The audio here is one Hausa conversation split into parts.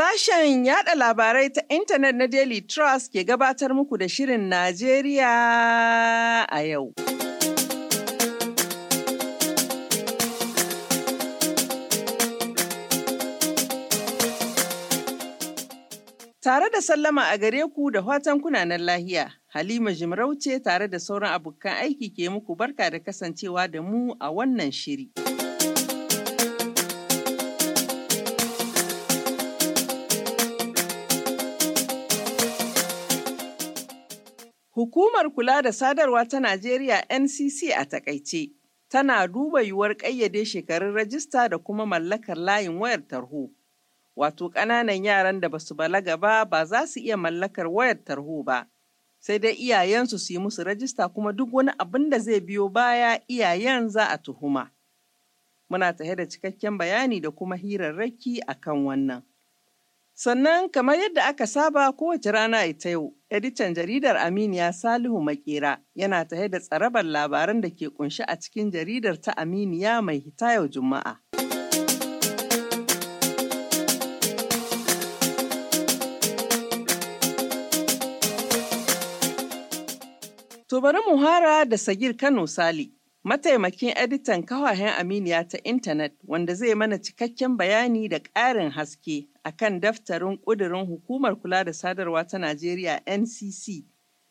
Sashen yada labarai ta intanet na Daily Trust ke gabatar muku da Shirin Najeriya a yau. Tare da sallama a gare ku da watan kunanan lahiya, Halima Jimarauce tare da sauran abokan aiki ke muku barka da kasancewa da mu a wannan shiri. Hukumar Kula da Sadarwa ta Najeriya NCC a takaice tana duba yiwuwar ƙayyade shekarun rajista da kuma mallakar layin wayar tarho. Wato ƙananan yaran da basu balaga ba ba za su iya mallakar wayar tarho ba. Sai dai iyayensu su yi musu rajista kuma duk wani abin da zai biyo baya iyayen za a tuhuma. Muna tahe da cikakken bayani da kuma hirarraki a kan wannan. Sannan kamar yadda aka saba kowace rana ita yau, editan jaridar Aminiya Salihu Maƙera yana tahe da tsarabar labaran da ke kunshi a cikin jaridar ta Aminiya mai hita yau Juma'a. To bari mu hara da Sagir Kano Sali. Mataimakin editan kawahen Aminiya ta intanet wanda zai mana cikakken bayani da ƙarin haske akan daftarin ƙudurin Hukumar Kula da Sadarwa ta Najeriya NCC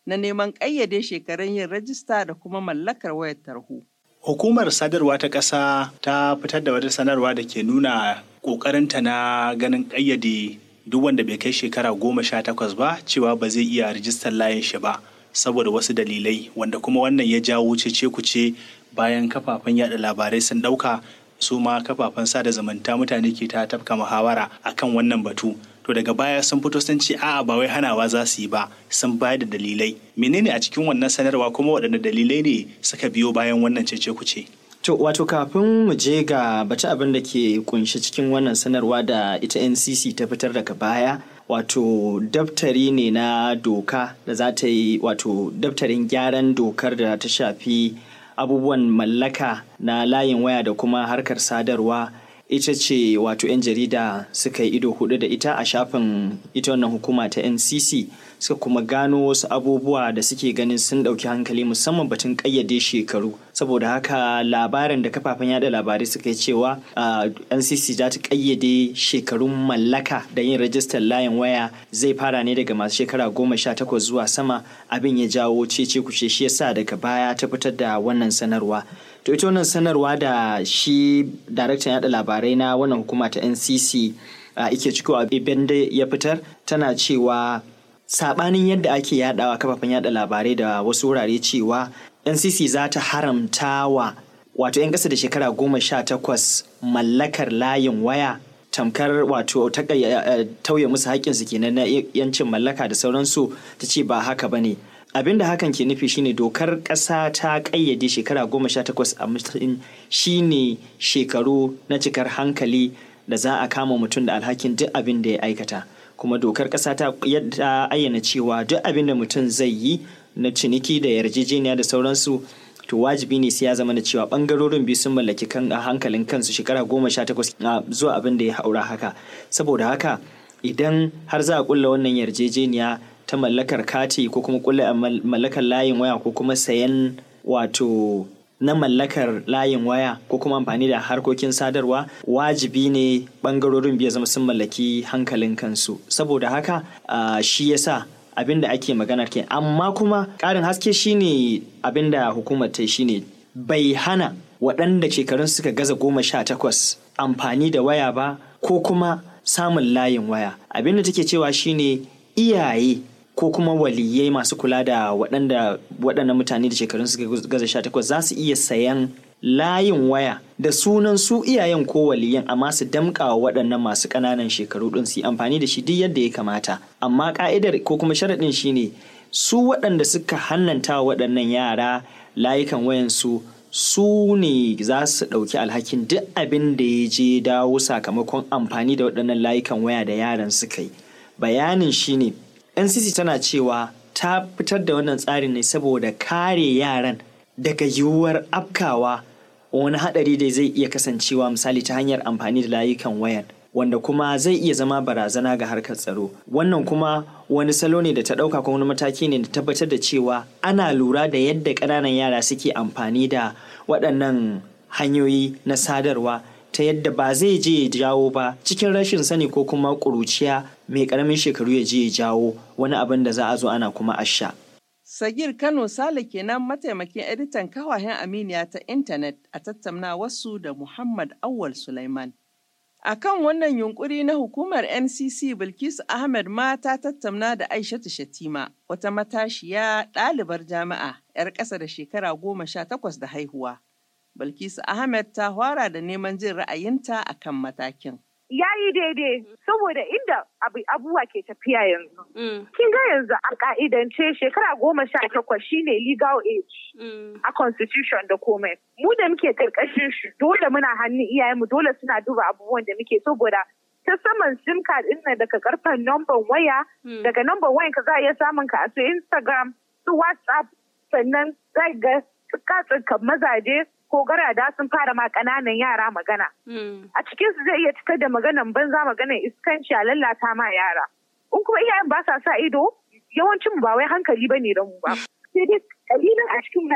na neman ƙayyade shekarun yin rajista da kuma mallakar wayar tarho. Hukumar sadarwa ta ƙasa ta fitar da wata sanarwa da ke nuna ƙoƙarinta na ganin ƙayyade duk wanda bai kai shekara goma sha takwas ba cewa ba zai iya rijistar layin shi ba. saboda wasu dalilai wanda kuma wannan ya jawo cece kuce bayan kafafen yada labarai sun ɗauka su ma kafafen sada zumunta mutane ke ta tafka muhawara akan wannan batu to daga baya sun fito sun ce a'a ba wai hanawa za su yi ba sun bayar da dalilai menene a cikin wannan sanarwa kuma waɗanne dalilai ne suka biyo bayan wannan cece kuce To wato kafin mu je ga baci abin da ke kunshi cikin wannan sanarwa da ita NCC ta fitar daga baya wato daftari ne na doka da za ta yi wato daftarin gyaran dokar da ta shafi abubuwan mallaka na layin waya da kuma harkar sadarwa ita ce wato 'yan jarida suka yi ido hudu da ita a shafin ita wannan hukuma ta ncc suka kuma gano wasu abubuwa da suke ganin sun dauki hankali musamman batun ƙayyade shekaru saboda haka labarin da kafafen yada labarai suka yi cewa ncc za ta kayyade shekarun mallaka da yin rajistar layin waya zai fara ne daga masu shekara goma sha takwas zuwa sama abin ya jawo cece kuce shi yasa daga baya ta fitar da wannan sanarwa to ita wannan sanarwa da shi daraktan yada labarai na wannan hukuma ta ncc ike ciko a da ya fitar tana cewa saɓanin yadda ake yadawa kafafen yaɗa labarai da wasu wurare cewa ncc za ta haramta wato 'yan ƙasa da shekara goma sha takwas mallakar layin waya tamkar wato tauye musu haƙƙinsu kenan na yancin mallaka da sauransu ta ce ba haka ba ne abin da hakan ke nufi shine dokar ƙasa ta ƙayyade shekara goma sha takwas a matsayin shine shekaru na cikar hankali da za a kama mutum da alhakin duk abin da ya aikata kuma dokar ƙasa ta ayyana cewa duk abin da mutum zai yi na ciniki da yarjejeniya da sauransu to wajibi ne sai ya zama da cewa bangarorin biyu sun mallaki kan hankalin kansu shekara goma sha takwas zuwa abin da ya haura haka saboda haka idan har za a kulla wannan yarjejeniya ta mallakar kati ko kuma kulla mallakar layin waya ko kuma sayan wato na mallakar layin waya ko kuma amfani da harkokin sadarwa wajibi ne bangarorin biya zama sun mallaki hankalin kansu saboda haka shi yasa abin da ake magana ke amma kuma ƙarin haske shine abin da hukumar ta shine bai hana waɗanda shekarun suka gaza goma sha takwas amfani da waya ba ko kuma samun layin waya abin da take cewa shine iyaye ko kuma waliyai masu kula da waɗanda waɗannan mutane da shekarun suka gaza sha takwas za su iya sayan layin waya da sunan su iyayen ko waliyan amma su damƙa wa waɗannan masu ƙananan shekaru ɗin su yi amfani da shi duk yadda ya kamata amma ƙa'idar ko kuma sharaɗin shi ne su waɗanda suka hannanta waɗannan yara layukan wayansu su ne za su ɗauki alhakin duk abin da ya je dawo sakamakon amfani da waɗannan layukan waya da yaran suka yi bayanin shi ne. ncc tana cewa ta fitar da wannan tsarin ne saboda kare yaran daga yiwuwar afkawa wani haɗari da zai iya kasancewa misali ta hanyar amfani da layukan wayan wanda kuma zai iya zama barazana ga harkar tsaro wannan kuma wani salo ne da ta ɗauka kuma wani mataki ne da tabbatar da cewa ana lura da yadda ƙananan yara suke amfani da waɗannan hanyoyi na sadarwa ta yadda ba zai je ya jawo ba cikin rashin sani ko kuma ƙuruciya mai ƙaramin shekaru ya je ya jawo wani abin da za a zo ana kuma asha. Sagir Kano Sale kenan mataimakin editan kawahen Aminiya ta intanet a tattauna wasu da Muhammad Awal Sulaiman. A kan wannan yunkuri na hukumar NCC Bilkisu Ahmed ma ta tattauna da Aishatu Shatima, wata matashiya ɗalibar jami'a 'yar ƙasa da shekara goma sha takwas da haihuwa. Bilkisu Ahmed ta hwara da neman jin ra'ayinta a kan matakin. ya yi daidai saboda inda abubuwa ke tafiya yanzu. Mm. Kin ga yanzu a ka'idance shekara goma sha takwas shine legal age mm. a constitution da komai. Mu da muke karkashin shi dole muna hannun iyayenmu dole suna duba abubuwan da muke saboda ta saman sim card din nan daga karfen number waya mm. daga number waya ka za a iya samun ka a su Instagram su WhatsApp sannan za ga tsika mazaje ko garada sun fara ma kananan yara magana. Hmm. A cikin su zai iya cikar da maganan banza maganan iskanci a lallata ma yara. In kuma iyayen ba sa sa ido yawancin ba wai hankali ba ne da mu ba. Sai dai kalilan a cikin da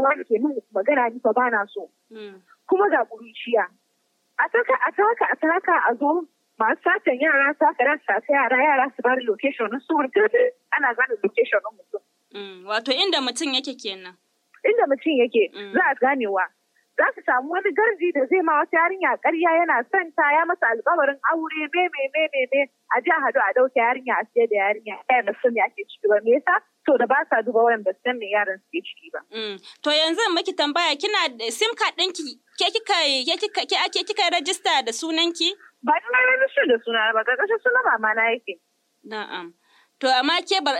wani ke min magana ni ba na so. Hmm. Kuma ga ƙuruciya. A saka a saka a zo masu satan yara sakarar sata yara yara su bari location su ana gane location mutum. Hmm. Wato inda mutum yake kenan. inda mutum yake mm. za a ganewa za su samu wani garji da zai ma wata yarinya karya yana son ta ya masa alkawarin aure me me me me me a ji hadu a dauke yarinya a siyar da yarinya ya yana son ya ke ciki ba me yasa to da ba sa duba wayan ba san me yaran su ke ciki ba. Mm. to yanzu maki tambaya kina sim card ɗinki ke kika ke kika ke kika rajista da sunanki? ba ina rajista da suna ba ƙarƙashin ba ma na yake. na'am. To amma ke ba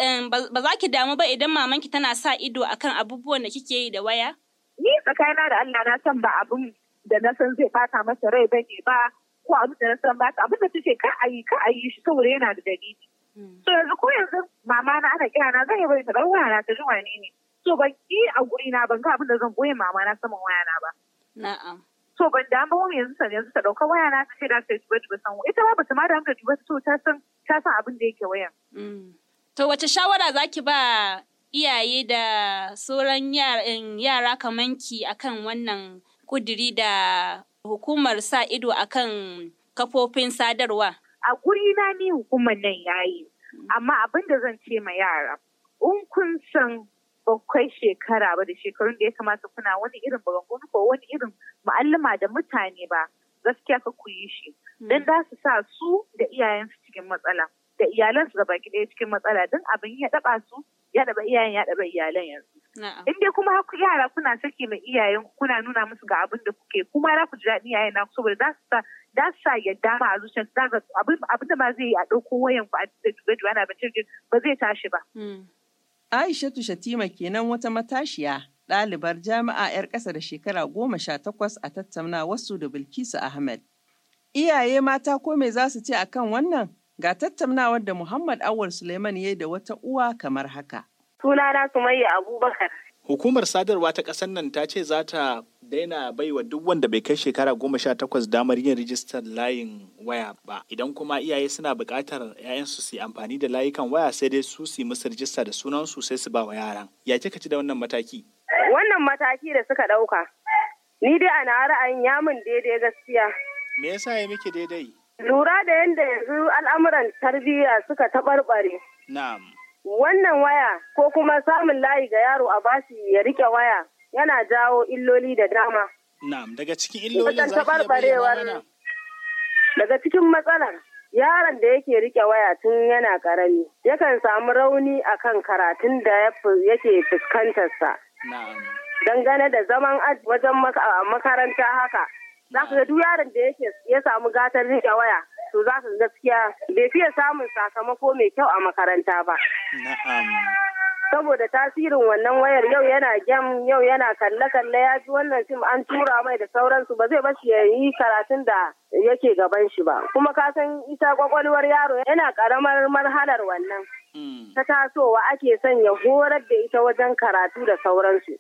za ki damu ba idan mamanki tana sa ido akan abubuwan da kike yi da waya? Ni tsakaina da Allah na san ba abun da na san zai bata masa rai ba ne ba ko abin da na san ba abin da take ka ayi ka ayi shi saboda yana da dalili. Hmm. So yanzu ko yanzu mama na ana kira na zan yi bari ta bar wayana ta ji wani ne. So ban yi a guri na ban ga abin da zan goye mama na saman wayana ba. Na'am. So ban damu yanzu san yanzu ta dauka wayana ta ce da ta tuba tuba san ita ma ba ta ma da hankali ba ta so ta san ta san abin da yake wayan. Mm. To wace shawara za ki ba iyaye da sauran yara kamanki akan wannan kudiri da hukumar sa ido akan kafofin sadarwa? A guri na ni hukumar nan yayi, mm. amma abin da zan ce ma yara, in kun san bakwai shekara ba da shekarun da ya kamata kuna wani irin bagangonu ko wani irin mu'allima da mutane ba, gaskiya ka kuyi shi. Mm. Don za su sa su da iyayensu cikin matsala da su gaba ɗaya cikin matsala don abin ya ɗaba su ya ɗaba iyayen ya ɗaba iyalan yanzu. In dai kuma yara kuna saki mai iyayen kuna nuna musu ga abin da kuke kuma za ku ji daɗin iyayen naku saboda za su sa su sa yadda ma a zuciyar za ga abin da ma zai yi a ɗauko wayan ku a gaju ana bincin ba zai tashi ba. Hmm. Aisha Shatima kenan wata matashiya ɗalibar jami'a 'yar ƙasa da shekara goma sha takwas a tattauna wasu da Bilkisu Ahmed. Iyaye mata ko me za su ce akan wannan? Ga tattaunawar da Muhammad Awar Suleiman ya yi da wata uwa kamar haka. Sunana Sumayya Abubakar. Hukumar sadarwa ta ƙasar nan ta ce za ta daina baiwa duk wanda bai kai shekara goma sha takwas damar yin rijistar layin waya ba idan kuma iyaye suna buƙatar 'ya'yansu su yi amfani da layukan waya sai dai su yi musu rijista da sunansu sai su ba wa yaran ya kika ci da wannan mataki wannan mataki da suka ɗauka ni dai ana ra'ayin yamun daidai gaskiya me yasa ya miki daidai Lura da yadda yanzu al'amuran tarbiyya suka taɓarɓare. Na'am. Wannan waya ko kuma samun layi ga yaro a basi ya rike waya yana jawo illoli da dama. Na'am, daga cikin illolin za Daga cikin matsalar yaron da yake rike waya tun yana ƙarami, yakan samu rauni akan karatun da yake fuskantarsa. Dangane da zaman wajen makaranta haka za su ga duk yaron da yake ya samu gatar rike waya to za su gaskiya bai fiye samun sakamako mai kyau a makaranta ba. Saboda tasirin wannan wayar yau yana gem yau yana kalle-kalle ya ji wannan fim an tura mai da sauransu ba zai ba ya yi karatun da yake gaban shi ba. Kuma ka san ita kwakwalwar yaro yana karamar marhalar wannan. Mm. Ta tasowa ake son ya horar da ita wajen karatu da sauransu.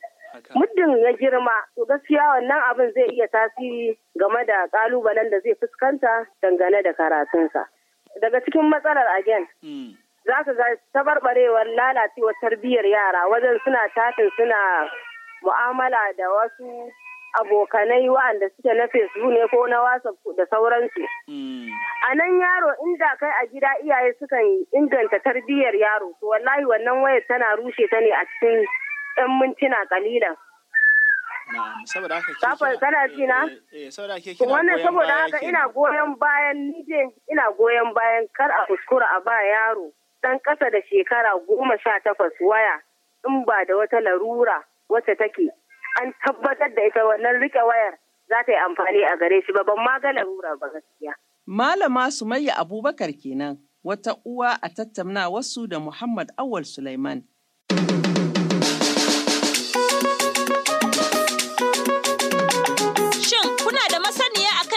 muddin ya girma to gaskiya wannan abin zai iya tasiri game da kalubalen da zai fuskanta dangane da karatunsa daga cikin matsalar again hmm. za ka ga tabarbarewar lalacewar tarbiyyar yara wajen suna tatin suna mu'amala da wasu abokanai wa'anda suke na facebook ne ko na whatsapp da sauransu hmm. a nan yaro inda kai a gida iyaye sukan inganta tarbiyyar yaro to wallahi wannan wayar tana rushe ta ne a cikin ɗan mintuna kalilan. saboda haka wannan eh, eh, saboda haka ina goyon bayan nije ina goyon bayan kar a kuskura a ba yaro ɗan ƙasa da shekara goma sha takwas waya in ba da wata larura wacce take an tabbatar da ita wannan rike wayar za ta yi amfani a gare shi ba ban ma ga larura ba gaskiya. Malama Sumayya Abubakar kenan wata uwa a tattauna wasu da Muhammad Awal Sulaiman.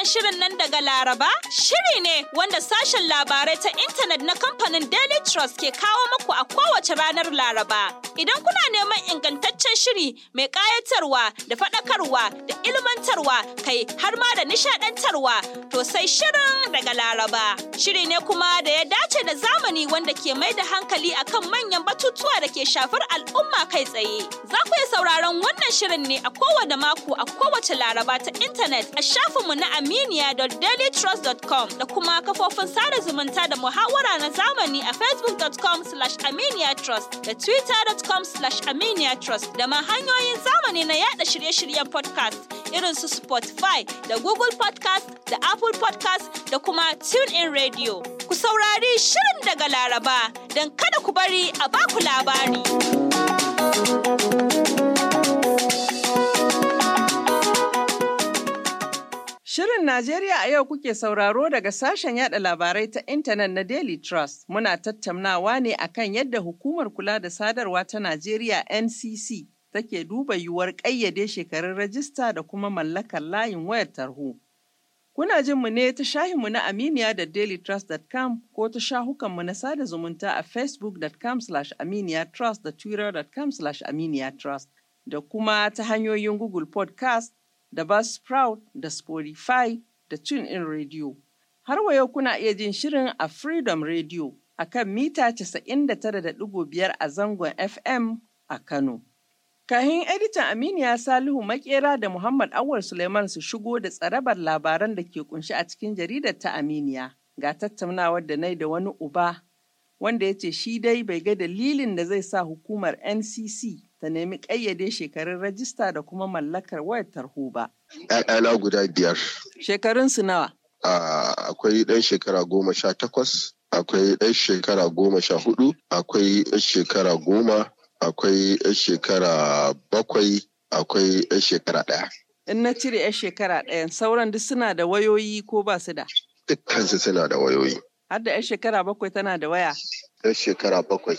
shirin nan daga Laraba shiri ne wanda sashen labarai ta intanet na kamfanin Daily Trust ke kawo muku a kowace ranar Laraba. Idan kuna neman ingantaccen shiri mai ƙayatarwa da faɗakarwa da ilmantarwa kai har ma da nishaɗantarwa to sai shirin daga Laraba. Shiri ne kuma da ya dace da zamani wanda ke mai da hankali akan manyan batutuwa da ke shafar al'umma kai tsaye. Za ku iya sauraron wannan shirin ne a kowane mako a kowace Laraba ta intanet a shafinmu na Amina. aminiya.dailytrust.com da kuma kafofin sada zumunta da muhawara na zamani a facebook.com slash aminiyatrust da twitter.com slash aminiyatrust da ma hanyoyin zamani na yada shirye-shiryen podcast irin su Spotify da Google podcast da Apple podcast da kuma in Radio. Ku saurari shirin daga Laraba don kada ku bari a baku labari. Shirin Najeriya a yau kuke sauraro daga sashen yada labarai ta intanet na Daily Trust. Muna tattaunawa ne akan yadda hukumar kula da sadarwa ta Najeriya NCC take duba yiwuwar ƙayyade shekarun rajista da kuma mallakar layin wayar tarho. Kuna jin mu ne ta shahinmu na Aminiya da dailytrust.com ko ta shahukanmu na sada zumunta a facebookcom aminiya trust da twittercom aminiya trust da kuma ta hanyoyin Google Podcast da Buzzsprout da Spotify da TuneIn Radio. Har wa yau kuna iya jin shirin a Freedom Radio a kan mita 99.5 a zangon FM a Kano. Kahin editan Aminiya Salihu Makera da Muhammad Awar Suleiman su shigo da tsarabar labaran da ke kunshi a cikin jaridar ta Aminiya ga tattaunawar da nai da wani uba wanda ya ce shi dai bai ga dalilin da zai sa hukumar NCC ta nemi ƙayyade shekarun rajista da kuma mallakar wayar tarho ba. ‘Ya'yana guda biyar. Shekarun su nawa? Akwai ɗan shekara goma sha takwas, akwai ɗan shekara goma sha hudu, akwai ɗan shekara goma, akwai ɗan shekara bakwai, akwai ɗan shekara ɗaya. In na cire ‘yan shekara ɗayan sauran duk suna da wayoyi ko ba su da? Dukkansu suna da wayoyi. Har da ‘yan shekara bakwai tana da waya? ‘Yan shekara bakwai.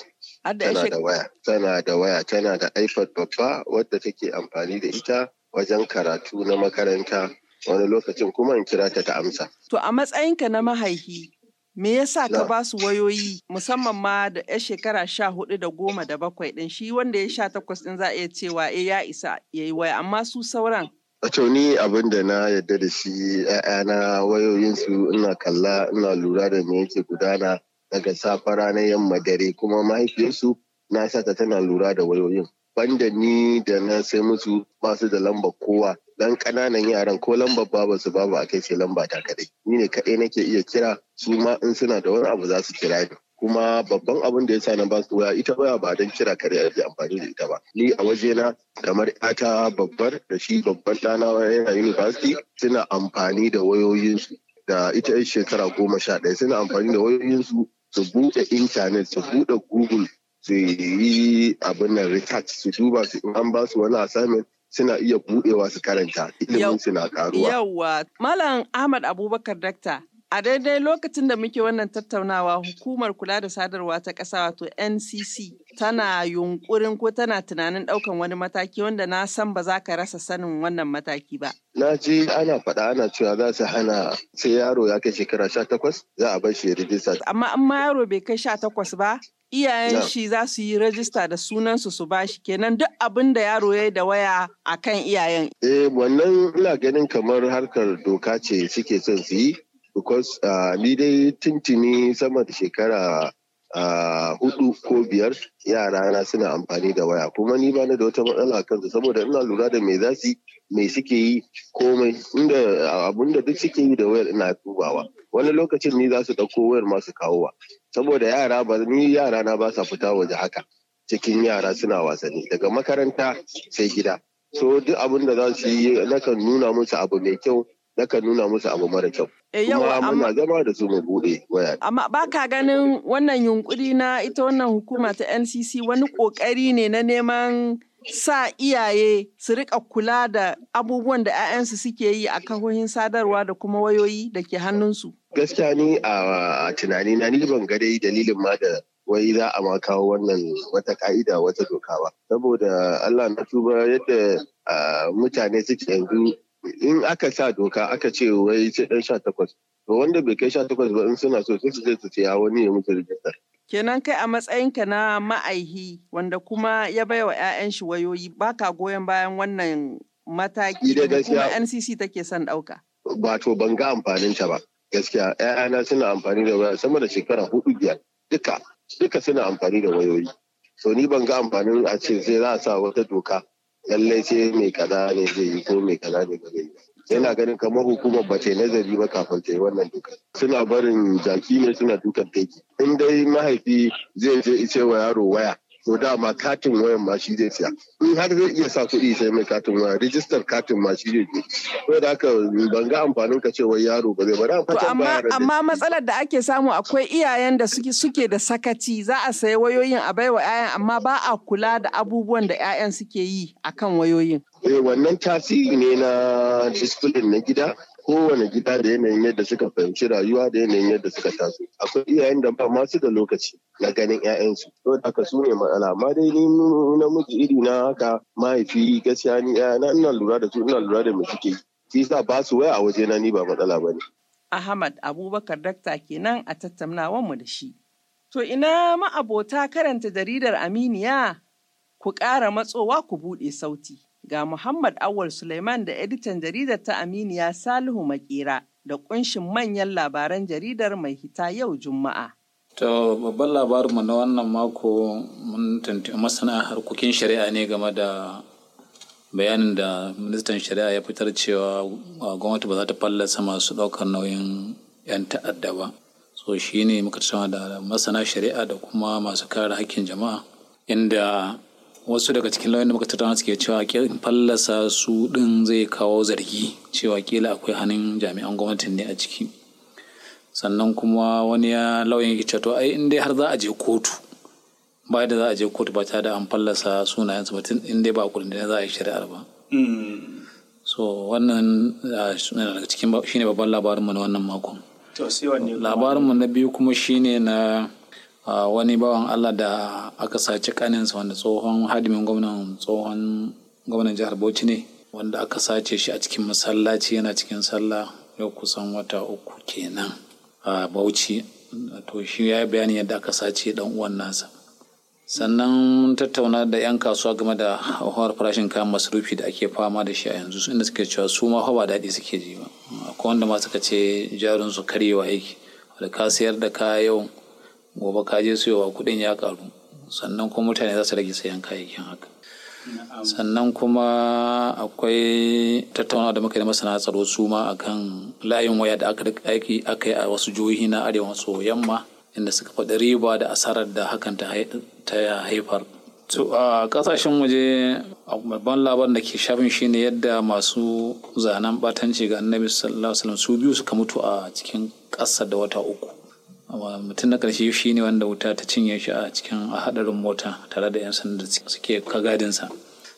tana da waya tana da waya tana da ipad babba wadda take amfani da ita wajen karatu na makaranta wani lokacin kuma in kira ta ta amsa to a matsayinka na mahaihi me yasa ka ba su wayoyi musamman ma da ya shekara sha hudu da goma da bakwai din shi wanda ya sha takwas din za a iya cewa e ya isa ya yi waya amma su sauran Wato ni abin da na yadda da shi ‘ya'yana wayoyinsu ina kalla ina lura da me yake gudana daga safa ranar yamma dare kuma mahaifiyarsu na sata tana lura da wayoyin banda ni da na sai musu basu da lamba kowa dan ƙananan yaran ko lamba babu su babu a kai lamba ta kadai ni ne kaɗai nake iya kira su ma in suna da wani abu za su kira ni kuma babban abin da ya sa na ba su waya ita waya ba dan kira kare ake amfani da ita ba ni a waje na kamar ta babbar da shi babban ɗana yana university suna amfani da wayoyinsu da ita yan shekara goma sha ɗaya suna amfani da wayoyinsu su buɗe intanet su buɗe google su yi abin nan research su duba su in an ba su wani assignment suna iya buɗewa su karanta ilimin suna karuwa. Yawwa, Malam Ahmad Abubakar Dakta, A daidai lokacin da muke wannan tattaunawa hukumar kula da sadarwa ta ƙasa wato NCC tana yunkurin ko tana tunanin ɗaukan wani mataki wanda na san ba za ka rasa sanin wannan mataki ba. Na ji ana faɗa ana cewa za su hana sai yaro ya kai shekara sha takwas za a bar shi rijista. Amma an ma yaro bai kai sha takwas ba iyayen shi za su yi rajista da sunansu su ba shi kenan duk abin da yaro ya da waya a kan iyayen. Eh wannan ina ganin kamar harkar doka ce suke son su yi because uh, ni dai tuntuni sama da shekara uh, hudu ko biyar yara na suna amfani da waya kuma ni ba da wata matsala kansu saboda ina lura da me zasi mai suke yi komai inda uh, abun da duk suke yi da wayar ina dubawa wani lokacin ni za su ɗauko wayar masu kawowa saboda yara ba ni yara na ba sa fita waje haka cikin yara suna wasanni daga makaranta sai gida so duk abun da za su yi nakan nuna musu abu mai kyau nakan nuna musu abu mara kyau. E muna amma zama da su mu bude waya. Amma ba ka ganin wannan yunƙuri na ita wannan hukuma ta NCC wani ƙoƙari ne na neman sa iyaye su rika kula da abubuwan da 'ya'yansu suke yi a kahohin sadarwa da kuma wayoyi da ke hannunsu. Gaskiya ni a tunani na ni ban ga dai dalilin ma da wai za a ma kawo wannan wata ka'ida wata doka ba. Saboda Allah na tuba yadda mutane suke yanzu in aka sa doka aka ce wai sai dan sha takwas to wanda bai kai sha takwas ba in suna so su je su wani ya mutu rijista Kenan kai a matsayinka na ma'aihi wanda kuma ya bai wa 'ya'yan shi wayoyi baka goyon bayan wannan mataki da kuma NCC take son ɗauka. Ba to ban ga amfanin ta ba gaskiya 'ya'yana suna amfani da wayoyi sama da shekara hudu biyar duka suna amfani da wayoyi. So ni ban ga amfanin a ce sai za a sa wata doka lallai sai mai kaza ne zai yi ko mai kaza ne ba zai yi yana ganin kamar hukumar ba ta nazari ba kafin ta yi wannan duka suna barin jaki ne suna dukan teki in dai mahaifi zai je ice wa yaro waya to dama katin wayan ma shi zai siya in har zai iya sa kuɗi sai mai katin waya rijistar katin ma shi zai ko da haka ban ga amfanin ka cewa yaro ba zai ba amma amma matsalar da ake samu akwai iyayen da suke suke da sakaci za a sayi wayoyin a baiwa 'ya'yan amma ba a kula da abubuwan da 'ya'yan suke yi akan wayoyin eh wannan tasiri ne na discipline na gida kowane gida da yanayin yadda suka fahimci rayuwa da yanayin yadda suka taso akwai iyayen da ba masu da lokaci na ganin 'ya'yansu to haka su ne matsala amma dai ni namiji iri na haka mahaifi gaskiya ni na ina lura da su ina lura da mai suke shi sa ba su waya a waje na ni ba matsala ba ne. Ahmad Abubakar Dakta kenan a tattaunawar mu da shi to ina ma'abota karanta jaridar Aminiya ku ƙara matsowa ku buɗe sauti Ga Muhammad Awal Suleiman da editan jaridar ta Aminiya Salihu Makera da kunshin manyan labaran jaridar mai hita yau Juma'a. To babban labarinmu na wannan mako mun tantance masana harkokin shari'a ne game da bayanin da ministan shari'a ya fitar cewa gwamnati ba za ta fallasa masu ɗaukar nauyin 'yan ta'adda ba. So shi ne muka tattauna da masana shari'a da kuma masu kare hakkin jama'a inda wasu daga cikin lauyan da muka tattauna suke cewa fallasa su din zai kawo zargi cewa kila akwai hannun jami'an gwamnatin ne a ciki sannan kuma wani ya lauyan yake cewa to ai in dai har za a je kotu ba da za a je kotu ba ta da an fallasa sunayen su mutum in dai ba kudin da za a yi shari'ar ba hmm. so wannan ah, daga cikin shine babban labarin mu na wannan makon labarin mu na biyu kuma shine na Ah, wani bawan Allah da aka saci kaninsa wanda tsohon hadimin gwamnan tsohon gwamnan jihar Bauchi ne wanda aka sace shi a cikin masallaci yana cikin sallah yau kusan wata uku kenan a Bauchi to shi ya yi bayani yadda aka sace dan uwan nasa sannan mun tattauna da 'yan kasuwa game da hauhawar farashin kayan masarufi da ake fama da shi a yanzu inda suke cewa su ma ba daɗi suke ji ba akwai wanda ma suka ce jarin su karyewa yake da ka sayar da kaya yau gobe ka je siyowa kuɗin ya karu sannan kuma mutane za su rage sayan kayayyakin haka sannan kuma akwai tattaunawa da muka yi masana tsaro su ma kan layin waya da aka aiki aka yi a wasu jihohi na arewa maso yamma inda suka faɗi riba da asarar da hakan ta haifar to a kasashen waje babban labarin da ke shafin shi ne yadda masu zanen batanci ga annabi sallallahu alaihi wasallam su biyu suka mutu a cikin ƙasa da wata uku mutum na ƙarshe shi ne wanda wuta ta cinye shi a cikin a haɗarin mota tare da 'yan sanda suke kagadinsa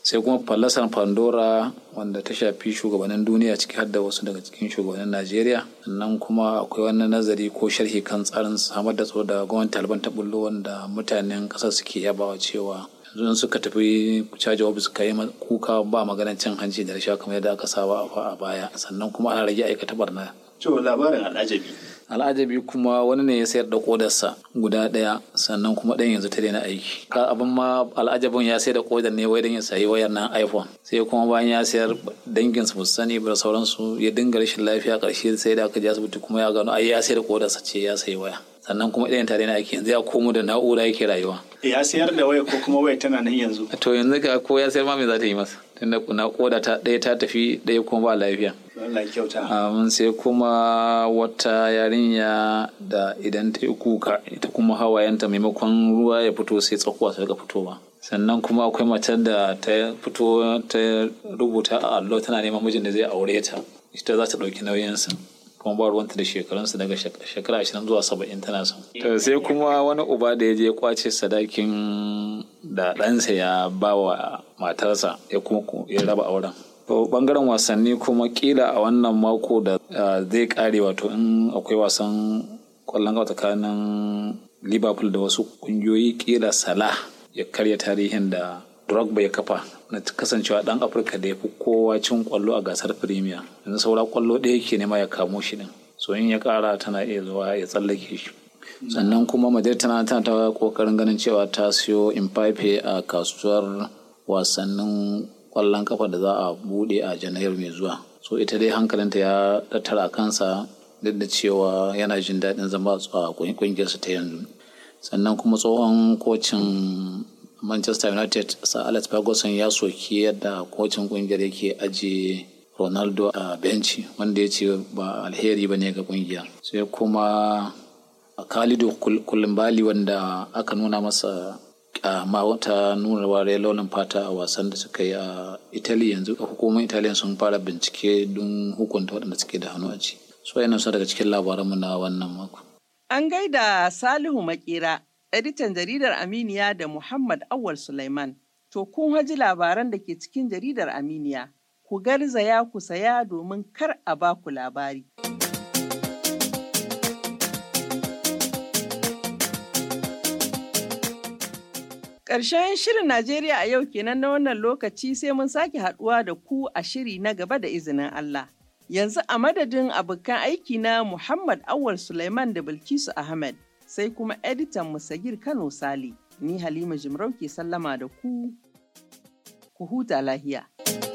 sai kuma fallasar pandora wanda ta shafi shugabannin duniya ciki har da wasu daga cikin shugabannin najeriya sannan kuma akwai wani nazari ko sharhi kan tsarin samar da tsoro daga gwamnati taliban ta bullo wanda mutanen ƙasar suke yabawa cewa yanzu suka tafi caji ofis suka yi kuka ba maganar cin hanci da rashawa kamar yadda aka saba a baya sannan kuma ana rage aikata barna. to labarin al'ajabi al'ajabi kuma wani ne ya sayar da kodarsa guda ɗaya sannan kuma ɗan yanzu ta daina aiki ka abin ma al'ajabin ya sayar da kodar ne wai don ya sayi wayar nan iphone sai kuma bayan ya sayar dangin su sani bar sauransu ya dinga rashin lafiya ƙarshe sai da aka ji asibiti kuma ya gano ai ya sayar da kodarsa ce ya sayi waya sannan kuma ɗayan tare na aiki yanzu ya komo da na'ura yake rayuwa ya sayar da waya ko kuma waya tana nan yanzu to yanzu ka ko ya sayar ma me za ta yi masa tunda na koda ta ɗaya ta tafi ɗaya kuma ba lafiya um, sai kuma wata yarinya da idan ta yi kuka ita kuma hawayenta maimakon ruwa ya fito sai tsakuwa sai ga fitowa sannan kuma akwai matar da ta fito ta rubuta a allo tana neman mijin da zai aure ta ita za ta ɗauki nauyinsa kuma ba ruwanta da shekarunsa daga shekara ashirin zuwa saba'in tana son. sai kuma wani uba da ya je kwace sadakin da ɗansa ya ba wa matarsa ya kuma ya raba auren. To bangaren wasanni kuma kila a wannan mako da zai kare wato in akwai wasan ƙwallon kawo tsakanin Liverpool da wasu ƙungiyoyi kila Salah ya karya tarihin da Drogba ya kafa na kasancewa dan Afirka da ya fi kowa cin kwallo a gasar Premier yanzu saura kwallo ɗaya yake nema ya kamo shi din so in ya kara tana iya zuwa ya tsallake shi sannan kuma Madrid tana ta ta kokarin ganin cewa ta siyo Mbappe a kasuwar wasannin kwallon kafa da za a buɗe a Janairu mai zuwa so ita dai hankalinta ya tattara kansa duk da cewa yana jin daɗin zama a ƙungiyarsa ta yanzu sannan kuma tsohon kocin manchester united sa alex ferguson ya soki yadda kocin kungiyar yake ajiye ronaldo a benci wanda ya ce ba alheri ba ne ga kungiya sai kuma a khalidu kulambali wanda aka nuna masa ma wata nuna ware launin fata a wasan da suka yi a italy yanzu hukumar italiya sun fara bincike don hukunta waɗanda suke da hannu a ci so yana daga cikin labaranmu na wannan mako an gaida salihu makera editan jaridar Aminiya da Muhammad Awal Sulaiman. To kun haji labaran da ke cikin jaridar Aminiya, ku garzaya ku saya domin kar a ba ku labari. Ƙarshen shirin Najeriya a yau kenan na wannan lokaci sai mun sake haɗuwa da ku a shiri na gaba da izinin Allah. Yanzu a madadin abokan aiki na Muhammad Awal Sulaiman da Bilkisu Ahmed. sai kuma editan Musagir Kano Sale ni Halima Jimarau ke sallama da ku, ku huta lahiya.